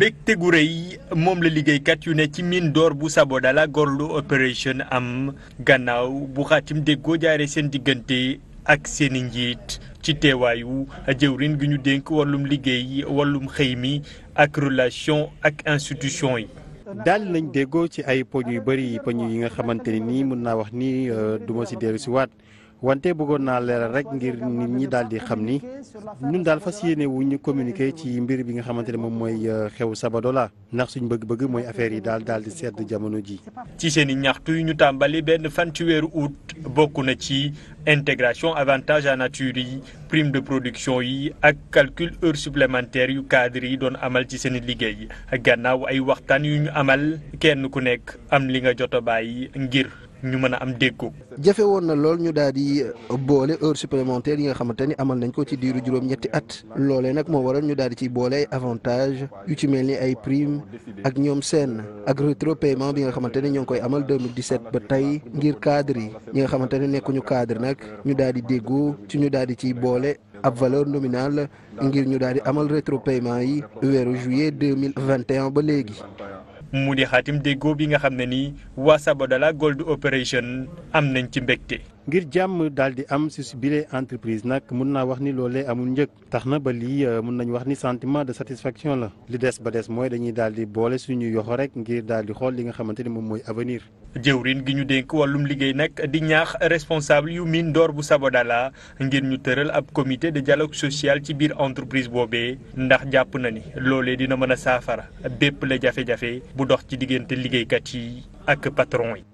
mbégte gu rëy moom la liggéeykat yu ne ci mine door bu sabo Sabodala Gold Operation am gànnaaw bu xaatim déggoo jaare seen diggante ak seeni njiit ci teewaayu jëwrin gi ñu dénk wàllum liggéey wàllum xëy mi ak relation ak institution yi dal nañ déggoo ci ay poñ yu bëri poñ yi nga xamante ne nii mën naa wax ni euh, du ma si dellu si waat wante bëggoon naa leeral rek ngir nit ñi daal di xam ni ñun daal fa yéene wu ñu communiqué ci mbir bi nga xamante ne moom mooy euh, xew Sabadola ndax suñ bëgg-bëgg mooy affaire yi daal daal di sedd jamono ji. ci seen i ñaxtu yu ñu tàmbali benn fan ci weeru août bokk na ci intégration avantage à nature yi prime de production yi ak calcul heure supplémentaire yu cadre yi doon amal ci seen i liggéey gànnaaw ay waxtaan yu ñu amal kenn ku nekk am li nga jot a bàyyi ngir. ñu mën a am déggoo. jafe woon na lool ñu daal di uh, boole heure supplémentaire yi nga xamante ni amal nañ ko ci diiru juróom-ñetti at loole nag moo waral ñu daal di ci boole ay avantage yu ci mel ni ay prime ak ñoom seen ak retro paiement bi nga xamante ne ñoo ngi koy amal 2017 ba tey ngir cadre yi ñi nga xamante ne nekkuñu cadre nag ñu daal di déggoo ci ñu daal di ciy boole ab valeur nominale ngir ñu daal di amal rétro paiement yi weeru juillet 2021 ba léegi. mu di xaatim déggoo bi nga xam ne ni waa Sabodala Gold Operation am nañ ci mbegte ngir jàmm daal di am si bile entreprise nag mën naa wax ni loole amul njëg tax na ba lii euh, mun nañu wax ni sentiment de satisfaction la li des ba des mooy dañuy daal di boole suñu yoxo rek ngir daal di xool li nga xamante ni moom mooy avenir. jëwrin gi ñu dénk wàllum liggéey nag di ñaax responsable yu mine d'or bu Sabodala ngir ñu tëral ab comité de dialogue social ci biir entreprise boobee ndax jàpp na ni loole dina mën a saafara bépp la jafe-jafe bu dox ci diggante liggéeykat yi ak patron yi.